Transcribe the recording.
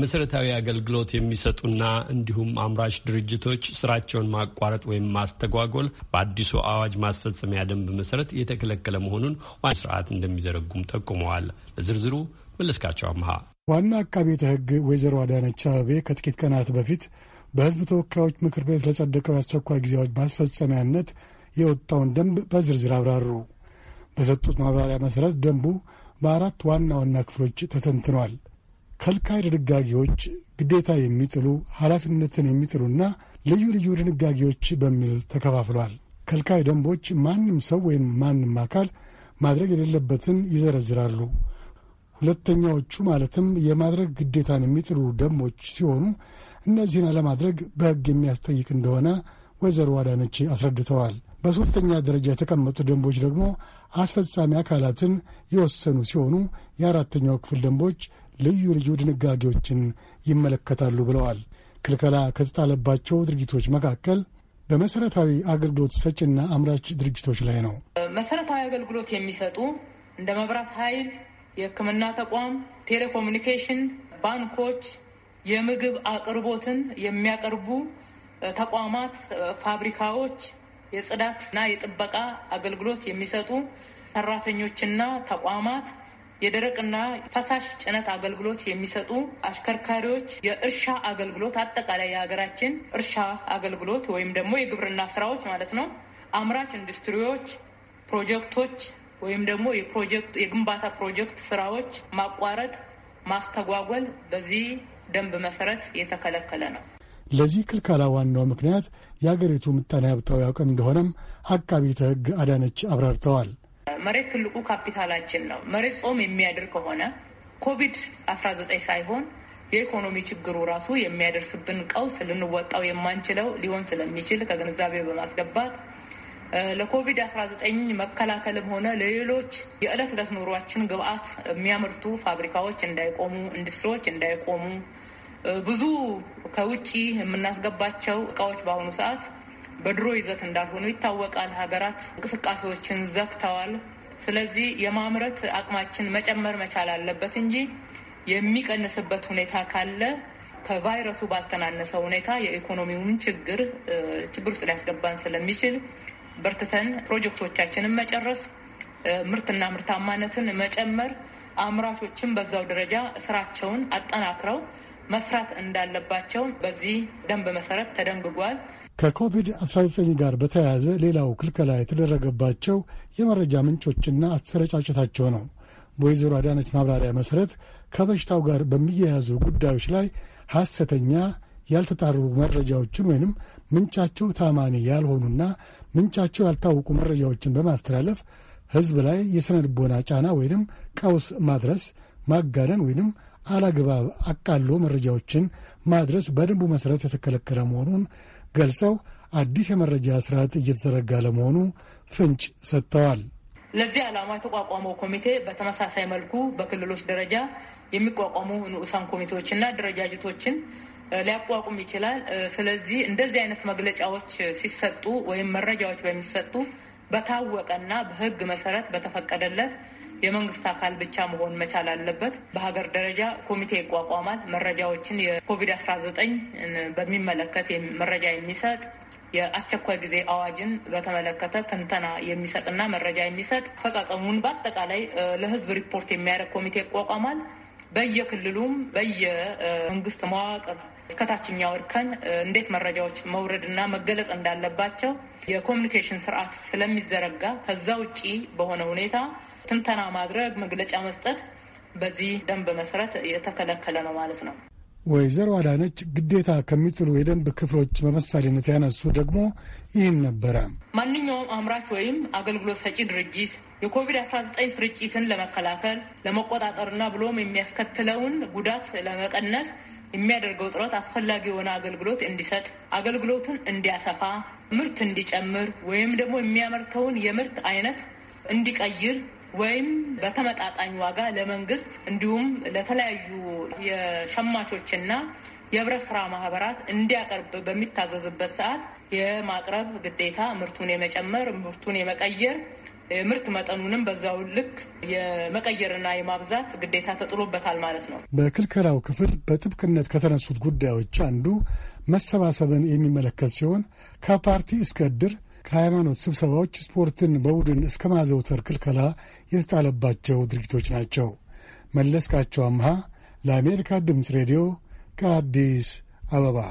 መሰረታዊ አገልግሎት የሚሰጡና እንዲሁም አምራች ድርጅቶች ስራቸውን ማቋረጥ ወይም ማስተጓጎል በአዲሱ አዋጅ ማስፈጸሚያ ደንብ መሰረት የተከለከለ መሆኑን ዋና ስርዓት እንደሚዘረጉም ጠቁመዋል። ለዝርዝሩ መለስካቸው አምሃ። ዋና አቃቤ ህግ ወይዘሮ አዳነች አበቤ ከጥቂት ቀናት በፊት በህዝብ ተወካዮች ምክር ቤት ለጸደቀው የአስቸኳይ ጊዜ አዋጅ ማስፈጸሚያነት የወጣውን ደንብ በዝርዝር አብራሩ። በሰጡት ማብራሪያ መሰረት ደንቡ በአራት ዋና ዋና ክፍሎች ተተንትኗል። ከልካይ ድንጋጌዎች ግዴታ የሚጥሉ ኃላፊነትን የሚጥሉና ልዩ ልዩ ድንጋጌዎች በሚል ተከፋፍሏል። ከልካይ ደንቦች ማንም ሰው ወይም ማንም አካል ማድረግ የሌለበትን ይዘረዝራሉ። ሁለተኛዎቹ ማለትም የማድረግ ግዴታን የሚጥሉ ደንቦች ሲሆኑ እነዚህን አለማድረግ በሕግ የሚያስጠይቅ እንደሆነ ወይዘሮ አዳነች አስረድተዋል። በሦስተኛ ደረጃ የተቀመጡ ደንቦች ደግሞ አስፈጻሚ አካላትን የወሰኑ ሲሆኑ የአራተኛው ክፍል ደንቦች ልዩ ልዩ ድንጋጌዎችን ይመለከታሉ ብለዋል። ክልከላ ከተጣለባቸው ድርጊቶች መካከል በመሰረታዊ አገልግሎት ሰጪና አምራች ድርጅቶች ላይ ነው። መሰረታዊ አገልግሎት የሚሰጡ እንደ መብራት ኃይል፣ የሕክምና ተቋም፣ ቴሌኮሙኒኬሽን፣ ባንኮች፣ የምግብ አቅርቦትን የሚያቀርቡ ተቋማት፣ ፋብሪካዎች፣ የጽዳትና የጥበቃ አገልግሎት የሚሰጡ ሰራተኞችና ተቋማት የደረቅና ፈሳሽ ጭነት አገልግሎት የሚሰጡ አሽከርካሪዎች፣ የእርሻ አገልግሎት፣ አጠቃላይ የሀገራችን እርሻ አገልግሎት ወይም ደግሞ የግብርና ስራዎች ማለት ነው። አምራች ኢንዱስትሪዎች፣ ፕሮጀክቶች ወይም ደግሞ የፕሮጀክት የግንባታ ፕሮጀክት ስራዎች ማቋረጥ፣ ማስተጓጎል በዚህ ደንብ መሰረት የተከለከለ ነው። ለዚህ ክልከላ ዋናው ምክንያት የአገሪቱ ምጣኔ ሀብታዊ አቅም እንደሆነም አቃቤ ሕግ አዳነች አብራርተዋል። መሬት ትልቁ ካፒታላችን ነው። መሬት ጾም የሚያድር ከሆነ ኮቪድ አስራ ዘጠኝ ሳይሆን የኢኮኖሚ ችግሩ ራሱ የሚያደርስብን ቀውስ ልንወጣው የማንችለው ሊሆን ስለሚችል ከግንዛቤ በማስገባት ለኮቪድ አስራ ዘጠኝ መከላከልም ሆነ ለሌሎች የዕለት ዕለት ኑሯችን ግብአት የሚያመርቱ ፋብሪካዎች እንዳይቆሙ፣ ኢንዱስትሪዎች እንዳይቆሙ ብዙ ከውጭ የምናስገባቸው እቃዎች በአሁኑ ሰዓት በድሮ ይዘት እንዳልሆኑ ይታወቃል። ሀገራት እንቅስቃሴዎችን ዘግተዋል። ስለዚህ የማምረት አቅማችን መጨመር መቻል አለበት እንጂ የሚቀንስበት ሁኔታ ካለ ከቫይረሱ ባልተናነሰ ሁኔታ የኢኮኖሚውን ችግር ችግር ውስጥ ሊያስገባን ስለሚችል በርትተን ፕሮጀክቶቻችንን መጨረስ፣ ምርትና ምርታማነትን መጨመር፣ አምራቾችን በዛው ደረጃ ስራቸውን አጠናክረው መስራት እንዳለባቸው በዚህ ደንብ መሰረት ተደንግጓል። ከኮቪድ-19 ጋር በተያያዘ ሌላው ክልከላ የተደረገባቸው የመረጃ ምንጮችና አሰረጫጨታቸው ነው። በወይዘሮ አዳነች ማብራሪያ መሰረት ከበሽታው ጋር በሚያያዙ ጉዳዮች ላይ ሐሰተኛ ያልተጣሩ መረጃዎችን ወይንም ምንጫቸው ታማኒ ያልሆኑና ምንጫቸው ያልታወቁ መረጃዎችን በማስተላለፍ ሕዝብ ላይ የስነ ልቦና ጫና ወይንም ቀውስ ማድረስ፣ ማጋነን ወይንም አላግባብ አቃሎ መረጃዎችን ማድረስ በደንቡ መሠረት የተከለከለ መሆኑን ገልጸው አዲስ የመረጃ ስርዓት እየተዘረጋ ለመሆኑ ፍንጭ ሰጥተዋል። ለዚህ ዓላማ የተቋቋመው ኮሚቴ በተመሳሳይ መልኩ በክልሎች ደረጃ የሚቋቋሙ ንዑሳን ኮሚቴዎችና አደረጃጀቶችን ሊያቋቁም ይችላል። ስለዚህ እንደዚህ አይነት መግለጫዎች ሲሰጡ ወይም መረጃዎች በሚሰጡ በታወቀና በህግ መሰረት በተፈቀደለት የመንግስት አካል ብቻ መሆን መቻል አለበት። በሀገር ደረጃ ኮሚቴ ይቋቋማል። መረጃዎችን የኮቪድ አስራ ዘጠኝ በሚመለከት መረጃ የሚሰጥ የአስቸኳይ ጊዜ አዋጅን በተመለከተ ትንተና የሚሰጥና መረጃ የሚሰጥ አፈጻጸሙን በአጠቃላይ ለህዝብ ሪፖርት የሚያደርግ ኮሚቴ ይቋቋማል። በየክልሉም በየመንግስት መዋቅር እስከታችኛው እርከን እንዴት መረጃዎች መውረድ እና መገለጽ እንዳለባቸው የኮሚኒኬሽን ስርዓት ስለሚዘረጋ ከዛ ውጪ በሆነ ሁኔታ ትንተና ማድረግ፣ መግለጫ መስጠት በዚህ ደንብ መሰረት የተከለከለ ነው ማለት ነው። ወይዘሮ አዳነች ግዴታ ከሚጥሉ የደንብ ክፍሎች በምሳሌነት ያነሱ ደግሞ ይህን ነበረ። ማንኛውም አምራች ወይም አገልግሎት ሰጪ ድርጅት የኮቪድ-19 ስርጭትን ለመከላከል ለመቆጣጠርና ብሎም የሚያስከትለውን ጉዳት ለመቀነስ የሚያደርገው ጥረት አስፈላጊ የሆነ አገልግሎት እንዲሰጥ፣ አገልግሎቱን እንዲያሰፋ፣ ምርት እንዲጨምር ወይም ደግሞ የሚያመርተውን የምርት አይነት እንዲቀይር ወይም በተመጣጣኝ ዋጋ ለመንግስት እንዲሁም ለተለያዩ የሸማቾችና የህብረት ስራ ማህበራት እንዲያቀርብ በሚታዘዝበት ሰዓት የማቅረብ ግዴታ ምርቱን የመጨመር ምርቱን የመቀየር የምርት መጠኑንም በዛው ልክ የመቀየርና የማብዛት ግዴታ ተጥሎበታል ማለት ነው። በክልከላው ክፍል በጥብቅነት ከተነሱት ጉዳዮች አንዱ መሰባሰብን የሚመለከት ሲሆን ከፓርቲ እስከ እድር ከሃይማኖት ስብሰባዎች ስፖርትን በቡድን እስከ ማዘውተር ክልከላ የተጣለባቸው ድርጊቶች ናቸው። መለስካቸው አምሃ ለአሜሪካ ድምፅ ሬዲዮ ከአዲስ አበባ